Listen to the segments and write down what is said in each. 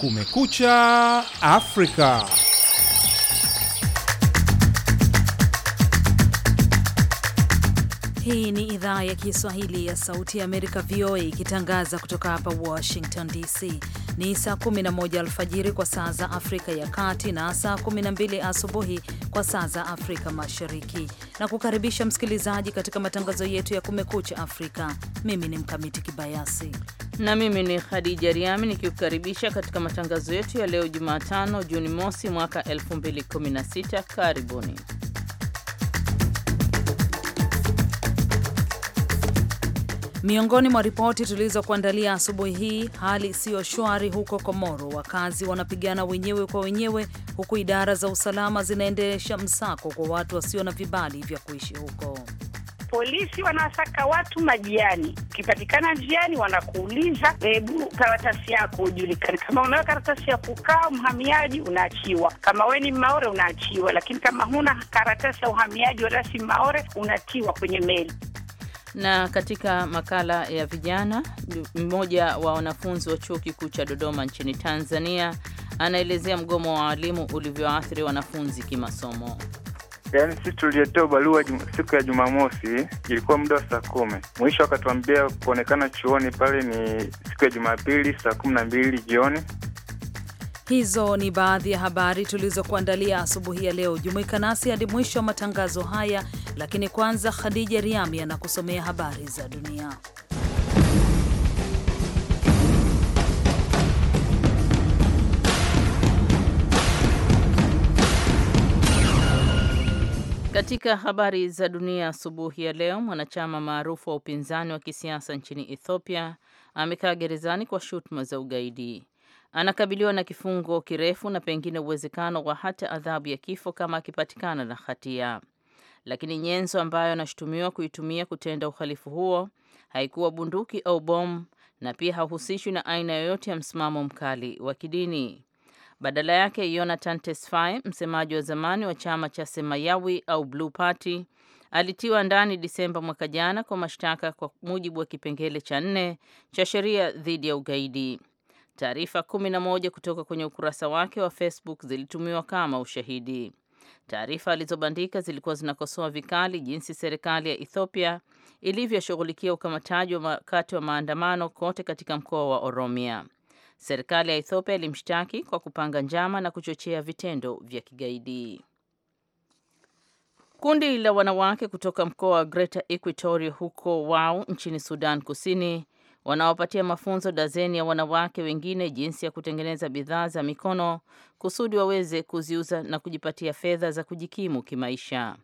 Kumekucha Afrika. Hii ni idhaa ya Kiswahili ya Sauti ya Amerika, VOA, ikitangaza kutoka hapa Washington DC. Ni saa 11 alfajiri kwa saa za Afrika ya Kati na saa 12 asubuhi kwa saa za Afrika Mashariki, na kukaribisha msikilizaji katika matangazo yetu ya Kumekucha Afrika. Mimi ni Mkamiti Kibayasi na mimi ni Khadija Riami nikikukaribisha katika matangazo yetu ya leo Jumatano, Juni mosi mwaka 2016. Karibuni. Miongoni mwa ripoti tulizokuandalia asubuhi hii, hali siyo shwari huko Komoro, wakazi wanapigana wenyewe kwa wenyewe, huku idara za usalama zinaendesha msako kwa watu wasio na vibali vya kuishi huko. Polisi wanawasaka watu majiani, ukipatikana njiani wanakuuliza, hebu karatasi yako ujulikane. Kama unayo karatasi ya kukaa mhamiaji, unaachiwa. Kama we ni Maore unaachiwa, lakini kama huna karatasi ya uhamiaji wala si Maore, unatiwa kwenye meli. Na katika makala ya vijana, mmoja wa wanafunzi wa chuo kikuu cha Dodoma nchini Tanzania anaelezea mgomo wa walimu ulivyoathiri wanafunzi kimasomo. Yaani sisi tuliotoa barua siku ya Jumamosi ilikuwa muda wa saa kumi, mwisho akatuambia kuonekana chuoni pale ni siku ya Jumapili saa kumi na mbili jioni. Hizo ni baadhi ya habari tulizokuandalia asubuhi ya leo. Jumuika nasi hadi mwisho wa matangazo haya, lakini kwanza Khadija Riami anakusomea habari za dunia. Katika habari za dunia asubuhi ya leo, mwanachama maarufu wa upinzani wa kisiasa nchini Ethiopia amekaa gerezani kwa shutuma za ugaidi. Anakabiliwa na kifungo kirefu na pengine uwezekano wa hata adhabu ya kifo kama akipatikana na hatia. Lakini nyenzo ambayo anashutumiwa kuitumia kutenda uhalifu huo haikuwa bunduki au bomu na pia hahusishwi na aina yoyote ya msimamo mkali wa kidini. Badala yake Yonathan Tesfaye, msemaji wa zamani wa chama cha Semayawi au Blue Party, alitiwa ndani Disemba mwaka jana kwa mashtaka kwa mujibu wa kipengele cha nne cha sheria dhidi ya ugaidi. Taarifa kumi na moja kutoka kwenye ukurasa wake wa Facebook zilitumiwa kama ushahidi. Taarifa alizobandika zilikuwa zinakosoa vikali jinsi serikali ya Ethiopia ilivyoshughulikia ukamataji wakati wa maandamano kote katika mkoa wa Oromia. Serikali ya Ethiopia ilimshtaki kwa kupanga njama na kuchochea vitendo vya kigaidi. Kundi la wanawake kutoka mkoa wa Greater Equatoria huko Wau nchini Sudan Kusini wanawapatia mafunzo dazeni ya wanawake wengine jinsi ya kutengeneza bidhaa za mikono kusudi waweze kuziuza na kujipatia fedha za kujikimu kimaisha.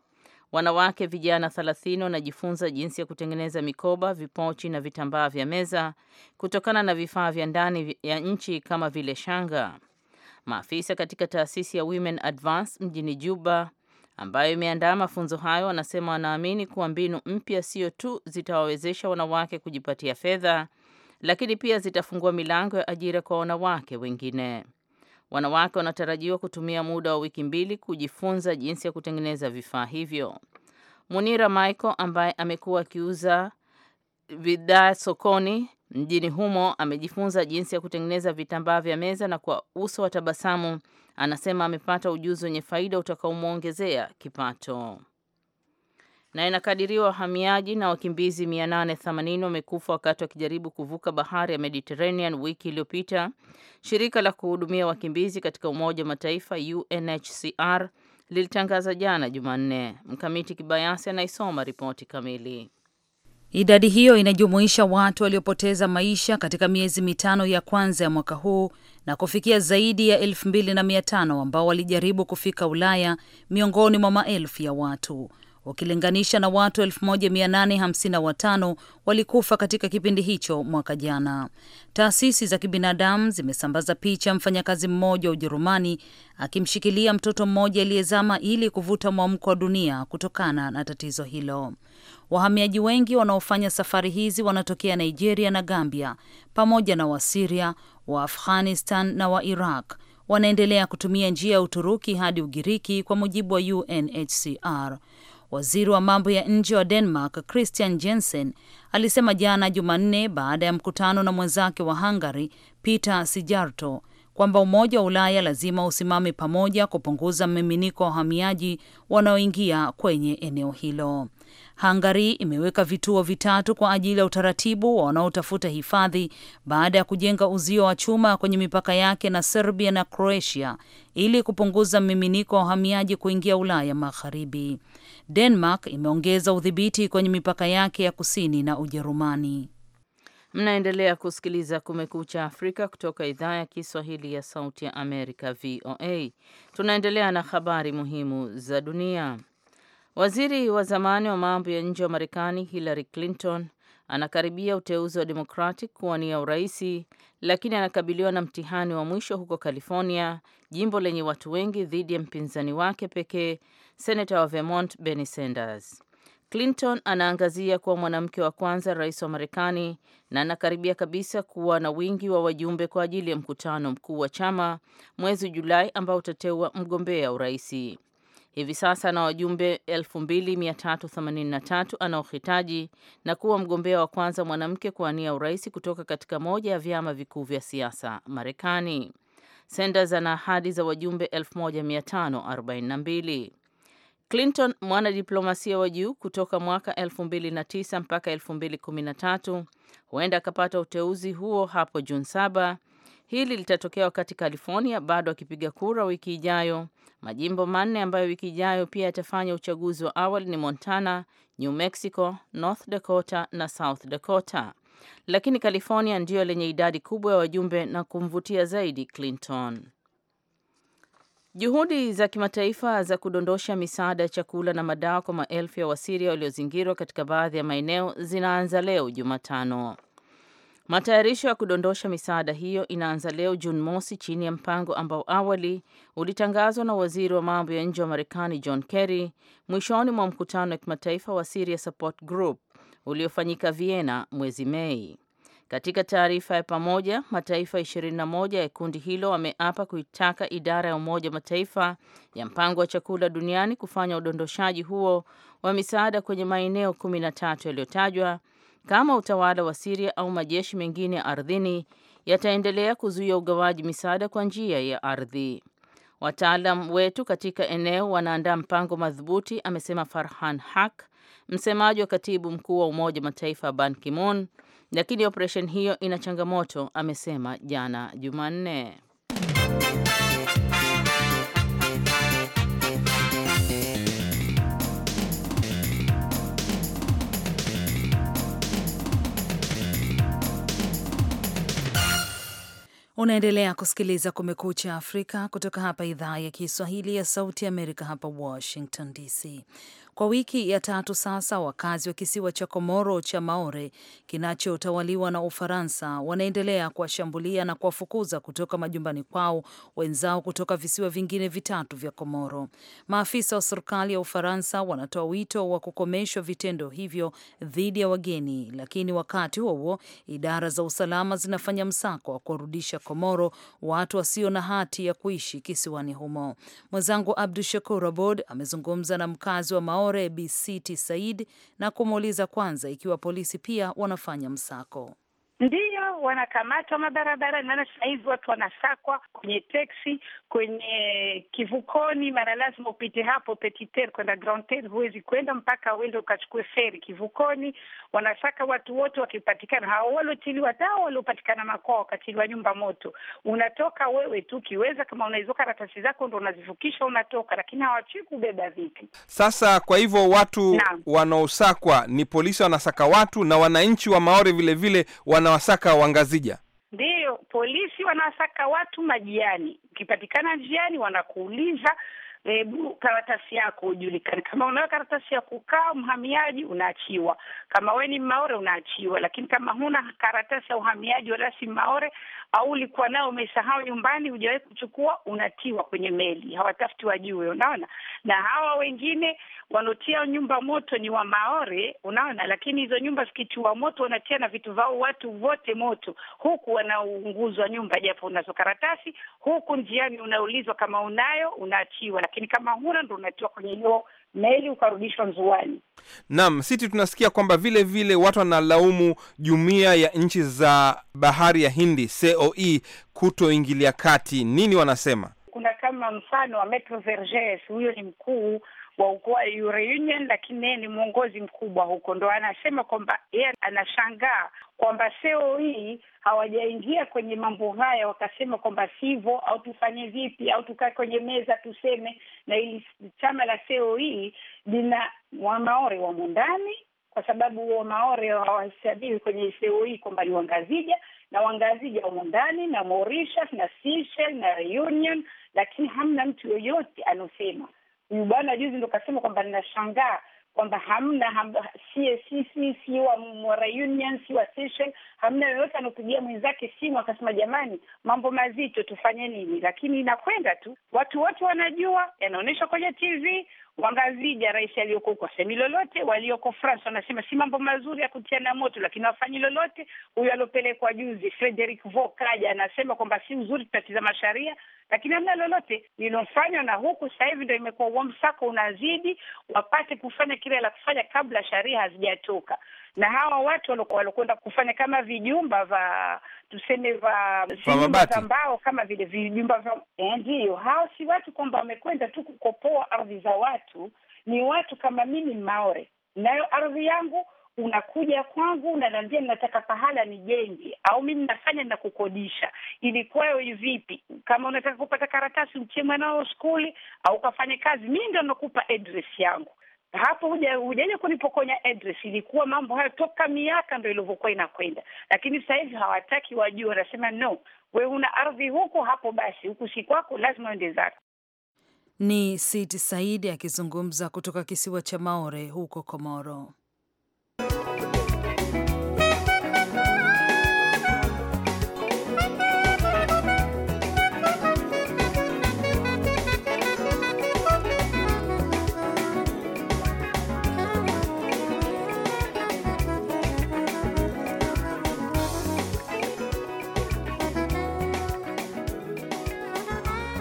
Wanawake vijana 30 wanajifunza jinsi ya kutengeneza mikoba, vipochi na vitambaa vya meza kutokana na vifaa vya ndani ya nchi kama vile shanga. Maafisa katika taasisi ya Women Advance mjini Juba ambayo imeandaa mafunzo hayo wanasema wanaamini kuwa mbinu mpya sio tu zitawawezesha wanawake kujipatia fedha, lakini pia zitafungua milango ya ajira kwa wanawake wengine. Wanawake wanatarajiwa kutumia muda wa wiki mbili kujifunza jinsi ya kutengeneza vifaa hivyo. Munira Michael ambaye amekuwa akiuza bidhaa sokoni mjini humo amejifunza jinsi ya kutengeneza vitambaa vya meza na kwa uso wa tabasamu anasema amepata ujuzi wenye faida utakaomwongezea kipato na inakadiriwa wahamiaji na wakimbizi 880 wamekufa wakati wakijaribu kuvuka bahari ya Mediterranean wiki iliyopita. Shirika la kuhudumia wakimbizi katika Umoja wa Mataifa UNHCR lilitangaza jana Jumanne. Mkamiti Kibayasi anaisoma ripoti kamili. Idadi hiyo inajumuisha watu waliopoteza maisha katika miezi mitano ya kwanza ya mwaka huu na kufikia zaidi ya 2500 ambao walijaribu kufika Ulaya, miongoni mwa maelfu ya watu ukilinganisha na watu 1855 walikufa katika kipindi hicho mwaka jana. Taasisi za kibinadamu zimesambaza picha mfanyakazi mmoja wa Ujerumani akimshikilia mtoto mmoja aliyezama ili kuvuta mwamko wa dunia kutokana na tatizo hilo. Wahamiaji wengi wanaofanya safari hizi wanatokea Nigeria na Gambia pamoja na Wasiria, wa Afghanistan na wa Iraq wanaendelea kutumia njia ya Uturuki hadi Ugiriki kwa mujibu wa UNHCR. Waziri wa mambo ya nje wa Denmark Christian Jensen alisema jana Jumanne baada ya mkutano na mwenzake wa Hungary Peter Sijarto kwamba Umoja wa Ulaya lazima usimame pamoja kupunguza mmiminiko wa wahamiaji wanaoingia kwenye eneo hilo. Hungary imeweka vituo vitatu kwa ajili ya utaratibu wa wanaotafuta hifadhi baada ya kujenga uzio wa chuma kwenye mipaka yake na Serbia na Croatia ili kupunguza mmiminiko wa wahamiaji kuingia Ulaya Magharibi. Denmark imeongeza udhibiti kwenye mipaka yake ya kusini na Ujerumani. Mnaendelea kusikiliza Kumekucha Afrika kutoka idhaa ya Kiswahili ya Sauti ya Amerika, VOA. Tunaendelea na habari muhimu za dunia. Waziri wa zamani wa mambo ya nje wa Marekani Hillary Clinton anakaribia uteuzi wa Democratic kuwania uraisi, lakini anakabiliwa na mtihani wa mwisho huko California, jimbo lenye watu wengi, dhidi ya mpinzani wake pekee senata wa Vermont Bernie Sanders. Clinton anaangazia kuwa mwanamke wa kwanza rais wa Marekani na anakaribia kabisa kuwa na wingi wa wajumbe kwa ajili ya mkutano mkuu wa chama mwezi Julai ambao utateua mgombea uraisi. Hivi sasa ana wajumbe 2383 anaohitaji na kuwa mgombea wa kwanza mwanamke kuwania urais kutoka katika moja ya vyama vikuu vya siasa Marekani. Sanders ana ahadi za wajumbe 1542. Clinton, mwanadiplomasia wa juu kutoka mwaka 2009 mpaka 2013, huenda akapata uteuzi huo hapo Juni saba. Hili litatokea wakati California bado akipiga kura wiki ijayo. Majimbo manne ambayo wiki ijayo pia yatafanya uchaguzi wa awali ni Montana, New Mexico, North Dakota na South Dakota, lakini California ndiyo lenye idadi kubwa ya wajumbe na kumvutia zaidi Clinton. Juhudi za kimataifa za kudondosha misaada ya chakula na madawa kwa maelfu ya Wasiria waliozingirwa katika baadhi ya maeneo zinaanza leo Jumatano. Matayarisho ya kudondosha misaada hiyo inaanza leo Juni mosi chini ya mpango ambao awali ulitangazwa na waziri wa mambo ya nje wa Marekani John Kerry mwishoni mwa mkutano wa kimataifa wa Syria Support Group uliofanyika Vienna mwezi Mei. Katika taarifa ya pamoja, mataifa 21 ya kundi hilo wameapa kuitaka idara ya Umoja Mataifa ya mpango wa chakula duniani kufanya udondoshaji huo wa misaada kwenye maeneo 13 yaliyotajwa kama utawala wa Siria au majeshi mengine ya ardhini yataendelea kuzuia ugawaji misaada kwa njia ya ardhi. Wataalam wetu katika eneo wanaandaa mpango madhubuti, amesema Farhan Haq, msemaji wa katibu mkuu wa Umoja Mataifa Ban Ki-moon, lakini operesheni hiyo ina changamoto, amesema jana Jumanne. Unaendelea kusikiliza Kumekucha Afrika kutoka hapa idhaa ya Kiswahili ya Sauti ya Amerika, hapa Washington DC. Kwa wiki ya tatu sasa, wakazi wa kisiwa cha Komoro cha Maore kinachotawaliwa na Ufaransa wanaendelea kuwashambulia na kuwafukuza kutoka majumbani kwao wenzao kutoka visiwa vingine vitatu vya Komoro. Maafisa wa serikali ya Ufaransa wanatoa wito wa kukomeshwa vitendo hivyo dhidi ya wageni, lakini wakati huo huo idara za usalama zinafanya msako wa kuwarudisha Komoro watu wasio na hati ya kuishi kisiwani humo. Mwenzangu Abdu Shakur Abod amezungumza na mkazi wa Maore Maore Bisiti Said na kumuuliza kwanza ikiwa polisi pia wanafanya msako. Ndiyo, wanakamatwa mabarabarani, maana sasa hivi watu wanasakwa kwenye teksi, kwenye kivukoni, mara lazima upite hapo Petit kwenda Grand huwezi kwenda mpaka uende ukachukue feri kivukoni. Wanasaka watu wote wakipatikana, hawa waliotiliwa dawa, waliopatikana makwao, wakatiliwa nyumba moto. Unatoka wewe tu ukiweza, kama unaweza karatasi zako ndo unazivukisha unatoka, lakini hawachii kubeba vipi. Sasa kwa hivyo watu wanaosakwa ni polisi wanasaka watu na wananchi wa Maore vilevile wanawasaka wa kwa Ngazija. Ndiyo polisi wanawasaka watu majiani, ukipatikana njiani wanakuuliza hebu karatasi yako ujulikane. Kama unayo karatasi ya kukaa mhamiaji, unaachiwa. Kama we ni Maore unaachiwa, lakini kama huna karatasi ya uhamiaji wala si Maore au ulikuwa nayo umesahau nyumbani, hujawahi kuchukua, unatiwa kwenye meli, hawatafuti wajue. Unaona, na hawa wengine wanaotia nyumba moto ni wa Maore, unaona. Lakini hizo nyumba zikitiwa moto, wanatia na vitu vao watu wote moto, huku wanaunguzwa nyumba, japo unazo karatasi, huku njiani unaulizwa kama unayo, unaachiwa lakini kama huna ndo unatoa kwenye hiyo meli ukarudishwa nzuani Naam, sisi tunasikia kwamba vile vile watu wanalaumu jumuiya ya nchi za bahari ya Hindi COE kutoingilia kati. Nini wanasema? Kuna kama mfano wa huyo ni mkuu waokoa Union, lakini yeye ni mwongozi mkubwa huko, ndo anasema kwamba yeye anashangaa kwamba seo hii hawajaingia kwenye mambo haya, wakasema kwamba sivo au tufanye vipi, au tukae kwenye meza tuseme. Na ili chama la seo hii lina Wamaore wamo ndani, kwa sababu Wamaore hawahesabiwi kwenye seo hii kwamba ni Wangazija na Wangazija wamo ndani na Mauritius na Seychelles na Reunion, lakini hamna mtu yoyote anaosema bwana juzi ndo kasema kwamba ninashangaa kwamba hamna si wa Mora Union si wa hamna yoyote anaopigia mwenzake simu akasema jamani, mambo mazito tufanye nini? Lakini inakwenda tu, watu wote wanajua, yanaonyeshwa kwenye TV. Wangazija, rais aliyoko huko asemi lolote, walioko France wanasema si mambo mazuri ya kutiana moto, lakini wafanyi lolote. Huyu aliopelekwa juzi Frederick Vo kaja anasema kwamba si uzuri, tutatizama sharia lakini hamna lolote lilofanywa, na huku sasa hivi ndo imekuwa huo msako unazidi, wapate kufanya kile la kufanya kabla sharia hazijatoka. Na hawa watu walikuwa walokwenda kufanya kama vijumba va tuseme za mbao kama vile vijumba vya eh, ndiyo, hao si watu kwamba wamekwenda tu kukopoa ardhi za watu, ni watu kama mimi Maore, nayo ardhi yangu unakuja kwangu unaniambia ninataka pahala nijenge, au mimi nafanya na kukodisha. Ilikuwayo vipi? Kama unataka kupata karatasi mchie mwanao skuli au kafanye kazi, mimi ndio nakupa address yangu. Hapo hujaja kunipokonya address. Ilikuwa mambo hayo toka miaka ndo ilivyokuwa inakwenda, lakini sasa hivi hawataki wajue, wanasema no, we una ardhi huku, hapo basi huku si kwako, lazima uende zako. Ni Siti Saidi akizungumza kutoka kisiwa cha Maore huko Komoro.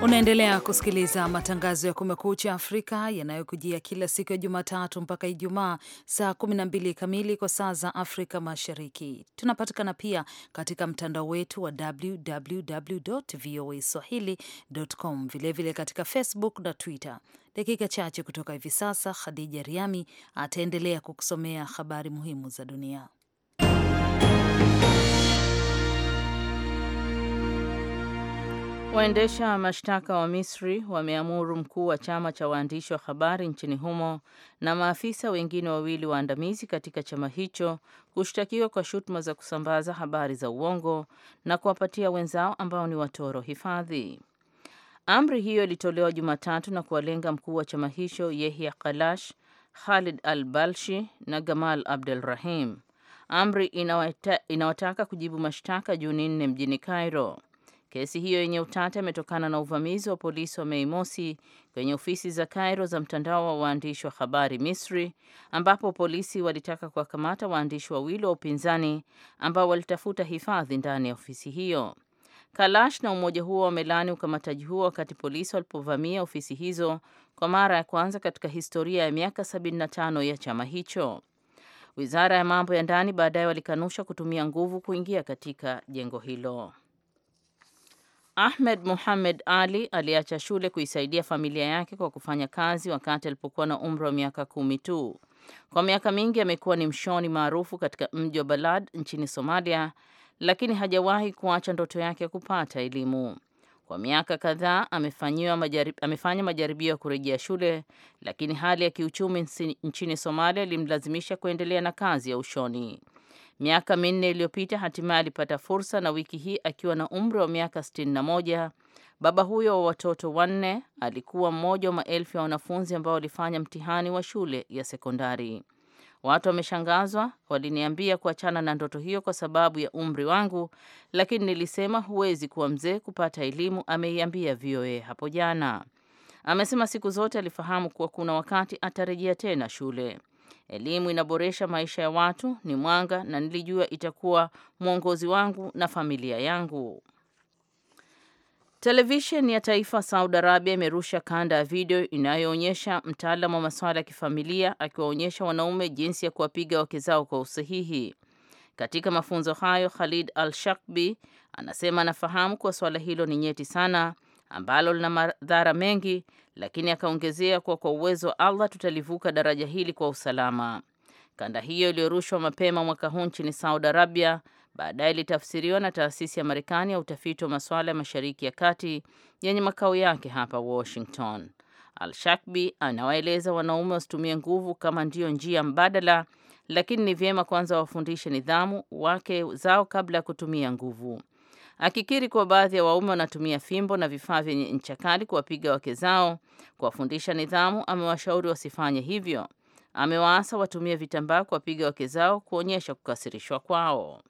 Unaendelea kusikiliza matangazo ya Kumekucha Afrika yanayokujia kila siku ya Jumatatu mpaka Ijumaa saa 12 kamili kwa saa za Afrika Mashariki. Tunapatikana pia katika mtandao wetu wa www voa swahili.com, vilevile katika Facebook na Twitter. Dakika chache kutoka hivi sasa, Khadija Riami ataendelea kukusomea habari muhimu za dunia. Waendesha mashtaka wa Misri wameamuru mkuu wa chama cha waandishi wa habari nchini humo na maafisa wengine wawili waandamizi katika chama hicho kushtakiwa kwa shutuma za kusambaza habari za uongo na kuwapatia wenzao ambao ni watoro hifadhi. Amri hiyo ilitolewa Jumatatu na kuwalenga mkuu wa chama hicho Yehya Kalash, Khalid al-Balshi na Gamal abdul Rahim. Amri inawata, inawataka kujibu mashtaka Juni nne mjini Cairo. Kesi hiyo yenye utata imetokana na uvamizi wa polisi wa Mei Mosi kwenye ofisi za Cairo za mtandao wa waandishi wa habari Misri, ambapo polisi walitaka kuwakamata waandishi wawili wa upinzani ambao walitafuta hifadhi ndani ya ofisi hiyo. Kalash na umoja huo wamelaani ukamataji huo wakati polisi walipovamia ofisi hizo kwa mara ya kwanza katika historia ya miaka 75 ya chama hicho. Wizara ya mambo ya ndani baadaye walikanusha kutumia nguvu kuingia katika jengo hilo. Ahmed Muhamed Ali aliacha shule kuisaidia familia yake kwa kufanya kazi wakati alipokuwa na umri wa miaka kumi tu. Kwa miaka mingi amekuwa ni mshoni maarufu katika mji wa Balad nchini Somalia, lakini hajawahi kuacha ndoto yake ya kupata elimu. Kwa miaka kadhaa amefanya majaribio ya kurejea shule, lakini hali ya kiuchumi nchini Somalia ilimlazimisha kuendelea na kazi ya ushoni. Miaka minne iliyopita hatimaye alipata fursa na wiki hii akiwa na umri wa miaka 61. Baba huyo wa watoto wanne alikuwa mmoja wa maelfu ya wanafunzi ambao walifanya mtihani wa shule ya sekondari. Watu wameshangazwa, waliniambia kuachana na ndoto hiyo kwa sababu ya umri wangu, lakini nilisema huwezi kuwa mzee kupata elimu, ameiambia VOA hapo jana. Amesema siku zote alifahamu kuwa kuna wakati atarejea tena shule. Elimu inaboresha maisha ya watu, ni mwanga na nilijua itakuwa mwongozi wangu na familia yangu. Televisheni ya taifa Saudi Arabia imerusha kanda ya video inayoonyesha mtaalamu wa masuala ya kifamilia akiwaonyesha wanaume jinsi ya kuwapiga wake zao kwa usahihi. Katika mafunzo hayo, Khalid Al-Shakbi anasema anafahamu kuwa suala hilo ni nyeti sana ambalo lina madhara mengi lakini akaongezea kuwa kwa uwezo wa Allah tutalivuka daraja hili kwa usalama. Kanda hiyo iliyorushwa mapema mwaka huu nchini Saudi Arabia baadaye ilitafsiriwa na taasisi ya Marekani ya utafiti wa masuala ya Mashariki ya Kati yenye makao yake hapa Washington. Al-Shakbi anawaeleza wanaume wasitumie nguvu kama ndiyo njia mbadala, lakini ni vyema kwanza wafundishe nidhamu wake zao kabla ya kutumia nguvu akikiri kuwa baadhi ya waume wanatumia fimbo na vifaa vyenye ncha kali kuwapiga wake zao, kuwafundisha nidhamu. Amewashauri wasifanye hivyo. Amewaasa watumie vitambaa kuwapiga wake zao kuonyesha kukasirishwa kwao.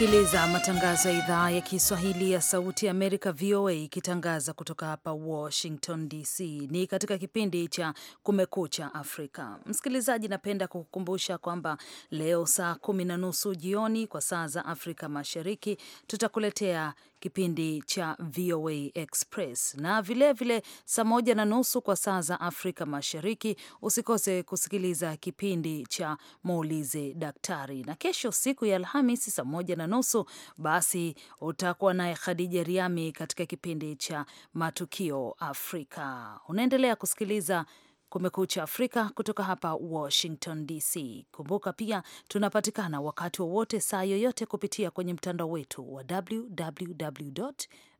Unasikiliza matangazo ya idhaa ya Kiswahili ya Sauti ya Amerika, VOA, ikitangaza kutoka hapa Washington DC. Ni katika kipindi cha Kumekucha Afrika. Msikilizaji, napenda kukukumbusha kwamba leo saa kumi na nusu jioni kwa saa za Afrika Mashariki tutakuletea kipindi cha VOA Express, na vilevile saa moja na nusu kwa saa za Afrika Mashariki. Usikose kusikiliza kipindi cha Muulize Daktari, na kesho siku ya Alhamisi saa moja na nusu basi utakuwa naye Khadija Riami katika kipindi cha Matukio Afrika. Unaendelea kusikiliza Kumekucha Afrika kutoka hapa Washington DC. Kumbuka pia tunapatikana wakati wowote, saa yoyote, kupitia kwenye mtandao wetu wa www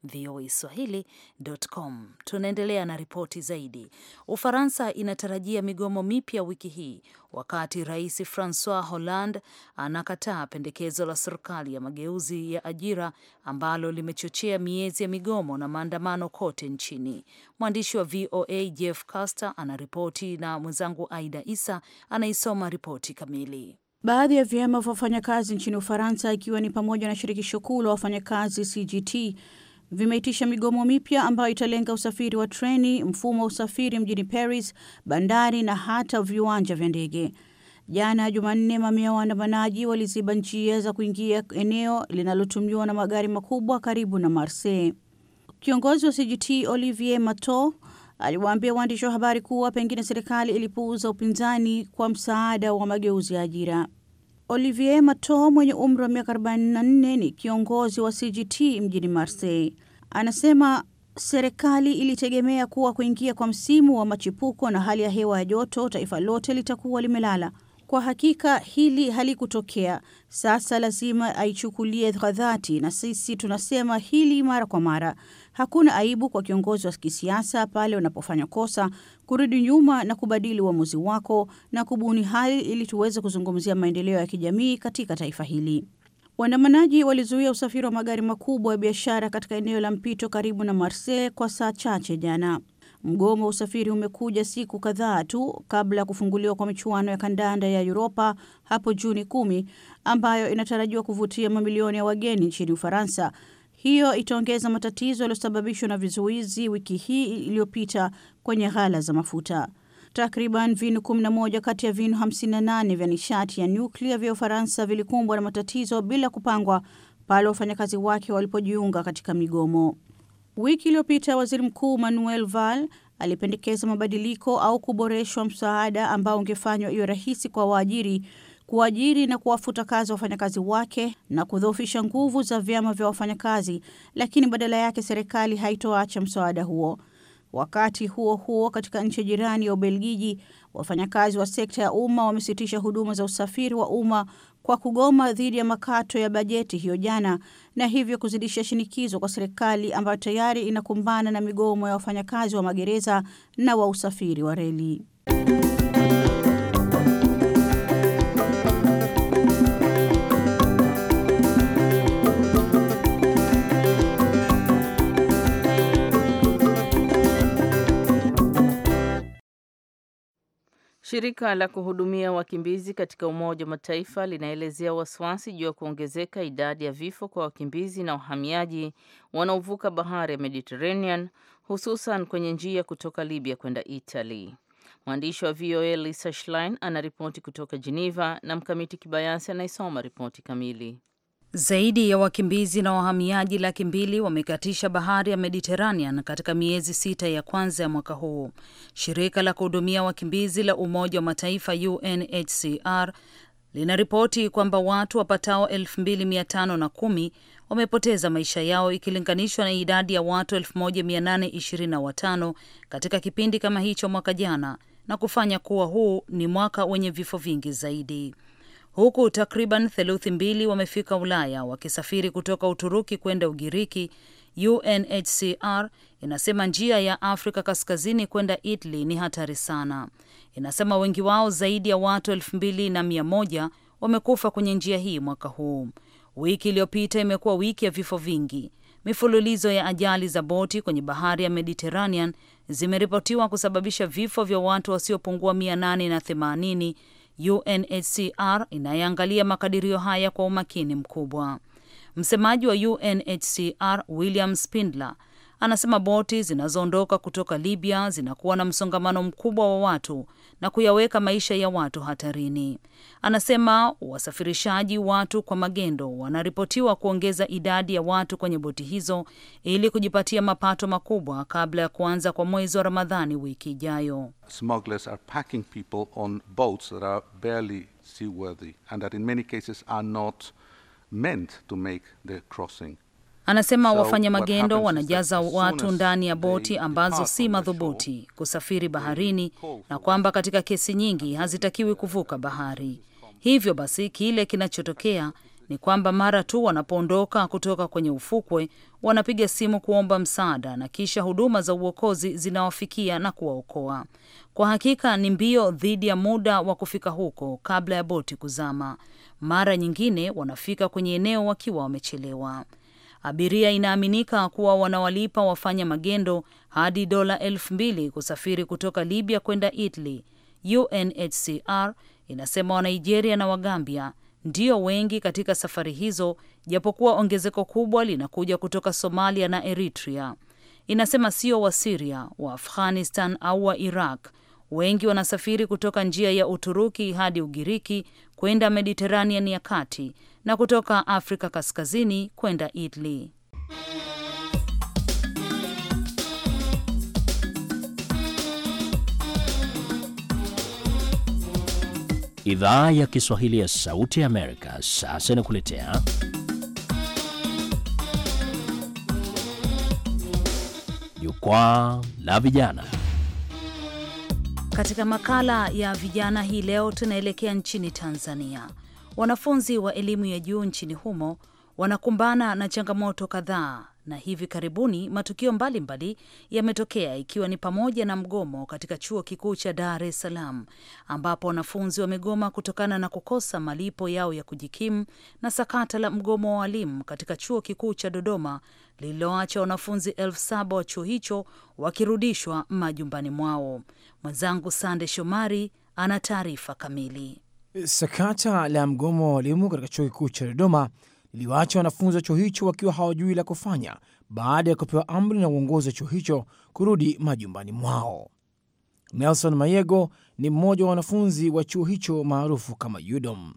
voaswahili.com. Tunaendelea na ripoti zaidi. Ufaransa inatarajia migomo mipya wiki hii wakati Rais Francois Hollande anakataa pendekezo la serikali ya mageuzi ya ajira ambalo limechochea miezi ya migomo na maandamano kote nchini. Mwandishi wa VOA Jeff Caster anaripoti na mwenzangu Aida Isa anaisoma ripoti kamili. Baadhi ya vyama vya wafanyakazi nchini Ufaransa, ikiwa ni pamoja na shirikisho kuu la wafanyakazi CGT vimeitisha migomo mipya ambayo italenga usafiri wa treni, mfumo wa usafiri mjini Paris, bandari na hata viwanja vya ndege. Jana Jumanne, mamia waandamanaji waliziba njia za kuingia eneo linalotumiwa na magari makubwa karibu na Marseille. Kiongozi wa CGT Olivier Mato aliwaambia waandishi wa habari kuwa pengine serikali ilipuuza upinzani kwa msaada wa mageuzi ya ajira. Olivier Mato mwenye umri wa miaka 44 ni kiongozi wa CGT mjini Marseille. Anasema serikali ilitegemea kuwa kuingia kwa msimu wa machipuko na hali ya hewa ya joto, taifa lote litakuwa limelala. Kwa hakika hili halikutokea. Sasa lazima aichukulie kwa dhati, na sisi tunasema hili mara kwa mara. Hakuna aibu kwa kiongozi wa kisiasa pale unapofanya kosa, kurudi nyuma na kubadili uamuzi wa wako na kubuni hali ili tuweze kuzungumzia maendeleo ya kijamii katika taifa hili. Waandamanaji walizuia usafiri wa magari makubwa ya biashara katika eneo la mpito karibu na Marseille kwa saa chache jana. Mgomo wa usafiri umekuja siku kadhaa tu kabla ya kufunguliwa kwa michuano ya kandanda ya Uropa hapo Juni kumi, ambayo inatarajiwa kuvutia mamilioni ya wageni nchini Ufaransa hiyo itaongeza matatizo yaliyosababishwa na vizuizi wiki hii iliyopita kwenye ghala za mafuta. Takriban vinu 11 kati ya vinu 58 vya nishati ya nyuklia vya Ufaransa vilikumbwa na matatizo bila kupangwa pale wafanyakazi wake walipojiunga katika migomo. Wiki iliyopita waziri mkuu Manuel Val alipendekeza mabadiliko au kuboreshwa msaada ambao ungefanywa iwe rahisi kwa waajiri kuajiri na kuwafuta kazi wafanyakazi wake na kudhoofisha nguvu za vyama vya wafanyakazi, lakini badala yake serikali haitoacha msaada huo. Wakati huo huo, katika nchi jirani ya Ubelgiji, wafanyakazi wa sekta ya umma wamesitisha huduma za usafiri wa umma kwa kugoma dhidi ya makato ya bajeti hiyo jana, na hivyo kuzidisha shinikizo kwa serikali ambayo tayari inakumbana na migomo ya wafanyakazi wa magereza na wa usafiri wa reli. Shirika la kuhudumia wakimbizi katika Umoja wa Mataifa linaelezea wasiwasi juu ya kuongezeka idadi ya vifo kwa wakimbizi na wahamiaji wanaovuka bahari ya Mediterranean, hususan kwenye njia kutoka Libya kwenda Italy. Mwandishi wa VOA Lisa Schlein anaripoti kutoka Geneva na Mkamiti Kibayasi anaisoma ripoti kamili. Zaidi ya wakimbizi na wahamiaji laki mbili wamekatisha bahari ya Mediterranean katika miezi sita ya kwanza ya mwaka huu. Shirika la kuhudumia wakimbizi la Umoja wa Mataifa UNHCR linaripoti kwamba watu wapatao 2510 wamepoteza maisha yao ikilinganishwa na idadi ya watu 1825 katika kipindi kama hicho mwaka jana na kufanya kuwa huu ni mwaka wenye vifo vingi zaidi huku takriban theluthi mbili wamefika Ulaya wakisafiri kutoka Uturuki kwenda Ugiriki. UNHCR inasema njia ya Afrika Kaskazini kwenda Italy ni hatari sana. Inasema wengi wao, zaidi ya watu elfu mbili na mia moja wamekufa kwenye njia hii mwaka huu. Wiki iliyopita imekuwa wiki ya vifo vingi. Mifululizo ya ajali za boti kwenye bahari ya Mediterranean zimeripotiwa kusababisha vifo vya watu wasiopungua mia nane na themanini UNHCR inayeangalia makadirio haya kwa umakini mkubwa. Msemaji wa UNHCR William Spindler anasema boti zinazoondoka kutoka Libya zinakuwa na msongamano mkubwa wa watu na kuyaweka maisha ya watu hatarini. Anasema wasafirishaji watu kwa magendo wanaripotiwa kuongeza idadi ya watu kwenye boti hizo ili kujipatia mapato makubwa kabla ya kuanza kwa mwezi wa Ramadhani wiki ijayo. Anasema wafanya magendo wanajaza watu ndani ya boti ambazo si madhubuti kusafiri baharini, na kwamba katika kesi nyingi hazitakiwi kuvuka bahari. Hivyo basi kile kinachotokea ni kwamba mara tu wanapoondoka kutoka kwenye ufukwe wanapiga simu kuomba msaada na kisha huduma za uokozi zinawafikia na kuwaokoa. Kwa hakika ni mbio dhidi ya muda wa kufika huko kabla ya boti kuzama. Mara nyingine wanafika kwenye eneo wakiwa wamechelewa. Abiria inaaminika kuwa wanawalipa wafanya magendo hadi dola elfu mbili kusafiri kutoka Libya kwenda Italy. UNHCR inasema Wanigeria na Wagambia ndio wengi katika safari hizo, japokuwa ongezeko kubwa linakuja kutoka Somalia na Eritrea. Inasema sio Wasiria wa Afghanistan au wa Iraq Wengi wanasafiri kutoka njia ya Uturuki hadi Ugiriki kwenda Mediterranean ya kati na kutoka Afrika kaskazini kwenda Italy. Idhaa ya Kiswahili ya Sauti ya Amerika sasa inakuletea Jukwaa la Vijana. Katika makala ya vijana hii leo tunaelekea nchini Tanzania. Wanafunzi wa elimu ya juu nchini humo wanakumbana na changamoto kadhaa na hivi karibuni matukio mbalimbali yametokea ikiwa ni pamoja na mgomo katika chuo kikuu cha Dar es Salaam ambapo wanafunzi wamegoma kutokana na kukosa malipo yao ya kujikimu na sakata la mgomo wa walimu katika chuo kikuu cha Dodoma lililoacha wanafunzi elfu saba wa chuo hicho wakirudishwa majumbani mwao. Mwenzangu Sande Shomari ana taarifa kamili. Sakata la mgomo wa walimu katika chuo kikuu cha Dodoma liwaacha wanafunzi wa chuo hicho wakiwa hawajui la kufanya baada ya kupewa amri na uongozi wa chuo hicho kurudi majumbani mwao. Nelson Mayego ni mmoja wa wanafunzi wa chuo hicho maarufu kama Udom.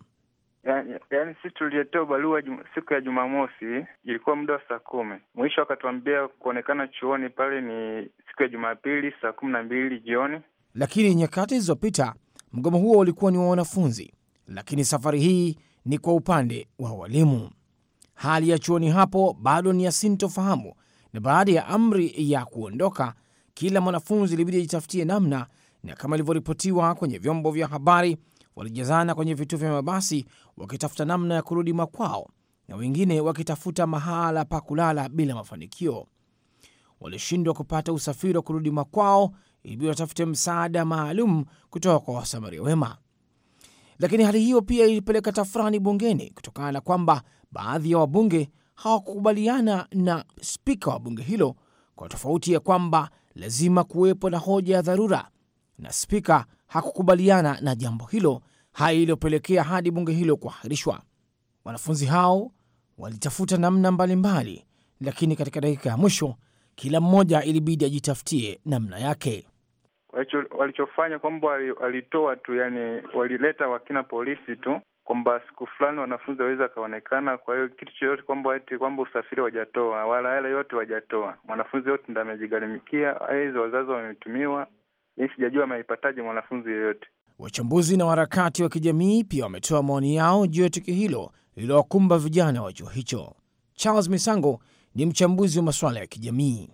Yaani, yaani sisi tuliotoa barua siku ya Jumamosi ilikuwa muda wa saa kumi. Mwisho akatuambia kuonekana chuoni pale ni siku ya Jumapili saa kumi na mbili jioni, lakini nyakati zilizopita mgomo huo ulikuwa ni wa wanafunzi, lakini safari hii ni kwa upande wa walimu. Hali ya chuoni hapo bado ni ya sintofahamu, na baada ya amri ya kuondoka, kila mwanafunzi ilibidi ajitafutie namna, na kama ilivyoripotiwa kwenye vyombo vya habari, walijazana kwenye vituo vya mabasi wakitafuta namna ya kurudi makwao, na wengine wakitafuta mahala pa kulala bila mafanikio. Walishindwa kupata usafiri wa kurudi makwao, ilibidi watafute msaada maalum kutoka kwa wasamaria wema. Lakini hali hiyo pia ilipeleka tafurani bungeni kutokana na kwamba baadhi ya wabunge hawakukubaliana na spika wa bunge hilo kwa tofauti ya kwamba lazima kuwepo na hoja ya dharura, na spika hakukubaliana na jambo hilo, hai iliyopelekea hadi bunge hilo kuahirishwa. Wanafunzi hao walitafuta namna mbalimbali mbali, lakini katika dakika ya mwisho kila mmoja ilibidi ajitafutie namna yake. Walichofanya kwamba walitoa tu, yani walileta wakina polisi tu kwamba siku fulani wanafunzi waweza akaonekana. Kwa hiyo kitu chochote kwamba ati kwamba usafiri wajatoa wala hela yote wajatoa, mwanafunzi yote ndo amejigharimikia, hizo wazazi wametumiwa, ni sijajua ameipataje mwanafunzi yeyote. Wachambuzi na waharakati wa kijamii pia wametoa maoni yao juu ya tukio hilo lililowakumba vijana wa chuo hicho. Charles Misango ni mchambuzi wa masuala ya kijamii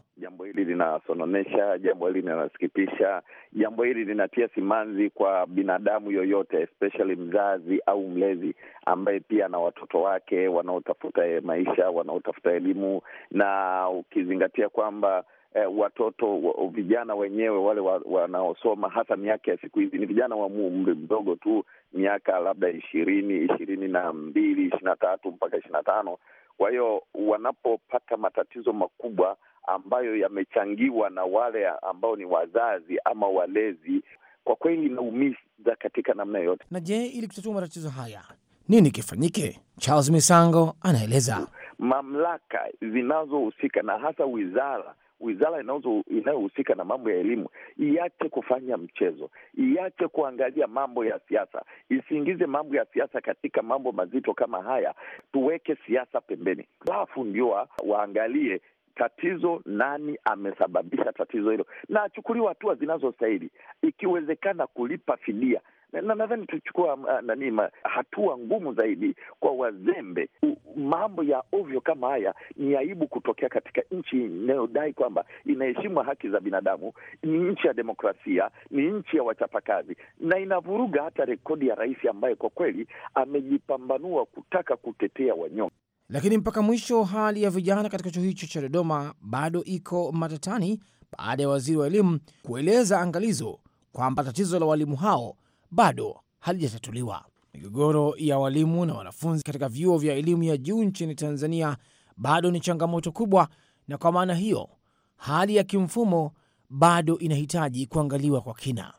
linasononesha, jambo hili linasikitisha, jambo hili linatia simanzi kwa binadamu yoyote, especially mzazi au mlezi ambaye pia ana watoto wake wanaotafuta e, maisha, wanaotafuta elimu, na ukizingatia kwamba eh, watoto vijana wenyewe wale wanaosoma hasa miaka ya siku hizi ni vijana wa umri mdogo tu, miaka labda ishirini ishirini na mbili ishirini na tatu mpaka ishirini na tano kwa hiyo wanapopata matatizo makubwa ambayo yamechangiwa na wale ambao ni wazazi ama walezi, kwa kweli inaumiza katika namna yote. Na je, ili kutatua matatizo haya nini kifanyike? Charles Misango anaeleza. Mamlaka zinazohusika na hasa wizara wizara inayohusika na mambo ya elimu iache kufanya mchezo, iache kuangalia mambo ya siasa, isiingize mambo ya siasa katika mambo mazito kama haya. Tuweke siasa pembeni, halafu ndio waangalie tatizo, nani amesababisha tatizo hilo, na achukuliwa hatua zinazostahili, ikiwezekana kulipa fidia na nadhani tuchukua uh, nani ma, hatua ngumu zaidi kwa wazembe. Mambo ya ovyo kama haya ni aibu kutokea katika nchi inayodai kwamba inaheshimwa haki za binadamu, ni nchi ya demokrasia, ni nchi ya wachapakazi, na inavuruga hata rekodi ya rais ambaye kwa kweli amejipambanua kutaka kutetea wanyonge lakini mpaka mwisho hali ya vijana katika chuo hicho cha Dodoma bado iko matatani baada ya waziri wa elimu kueleza angalizo kwamba tatizo la walimu hao bado halijatatuliwa. Migogoro ya walimu na wanafunzi katika vyuo vya elimu ya juu nchini Tanzania bado ni changamoto kubwa, na kwa maana hiyo hali ya kimfumo bado inahitaji kuangaliwa kwa kina.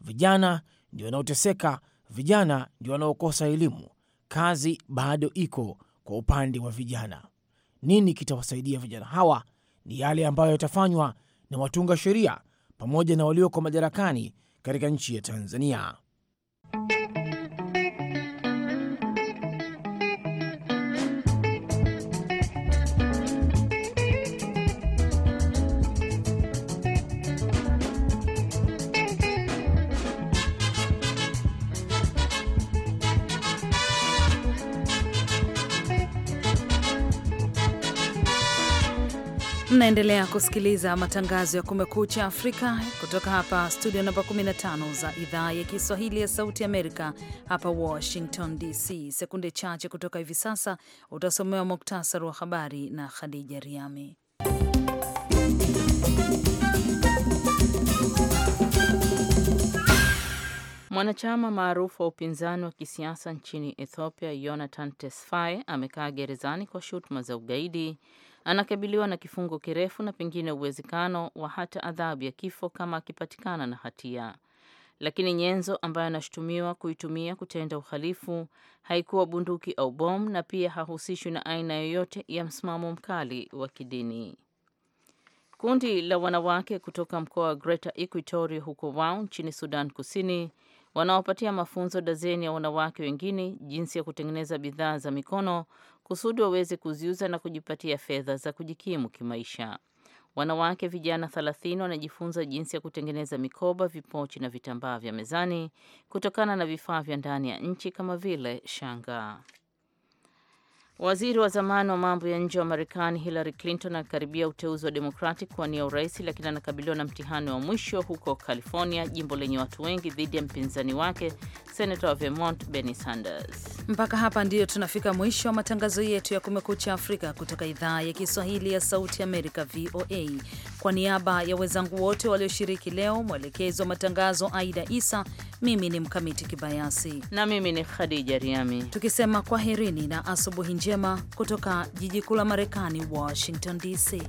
Vijana ndio wanaoteseka, vijana ndio wanaokosa elimu. Kazi bado iko kwa upande wa vijana, nini kitawasaidia vijana hawa? Ni yale ambayo yatafanywa na watunga sheria pamoja na walioko madarakani katika nchi ya Tanzania. Mnaendelea kusikiliza matangazo ya Kumekucha Afrika kutoka hapa studio namba 15 za idhaa ya Kiswahili ya Sauti Amerika, hapa Washington DC. Sekunde chache kutoka hivi sasa utasomewa muktasari wa habari na Khadija Riami. Mwanachama maarufu wa upinzani wa kisiasa nchini Ethiopia Jonathan Tesfaye amekaa gerezani kwa shutuma za ugaidi anakabiliwa na kifungo kirefu na pengine uwezekano wa hata adhabu ya kifo kama akipatikana na hatia. Lakini nyenzo ambayo anashutumiwa kuitumia kutenda uhalifu haikuwa bunduki au bomu, na pia hahusishwi na aina yoyote ya msimamo mkali wa kidini. Kundi la wanawake kutoka mkoa wa Greater Equatoria huko Wau nchini Sudan Kusini wanaopatia mafunzo dazeni ya wanawake wengine jinsi ya kutengeneza bidhaa za mikono kusudi waweze kuziuza na kujipatia fedha za kujikimu kimaisha. Wanawake vijana 30 wanajifunza jinsi ya kutengeneza mikoba, vipochi na vitambaa vya mezani kutokana na vifaa vya ndani ya nchi kama vile shanga. Waziri wa zamani wa mambo ya nje wa Marekani Hillary Clinton anakaribia uteuzi wa demokrati kuwania urais, lakini anakabiliwa na mtihani wa mwisho huko California, jimbo lenye watu wengi, dhidi ya mpinzani wake senata wa Vermont Bernie Sanders. Mpaka hapa ndiyo tunafika mwisho wa matangazo yetu ya Kumekucha Afrika kutoka idhaa ya Kiswahili ya Sauti Amerika, VOA. Kwa niaba ya wenzangu wote walioshiriki leo, mwelekezi wa matangazo Aida Isa, mimi ni Mkamiti Kibayasi na mimi ni Khadija Riami, tukisema kwaherini na asubuhi njema kutoka jiji kuu la Marekani, Washington DC.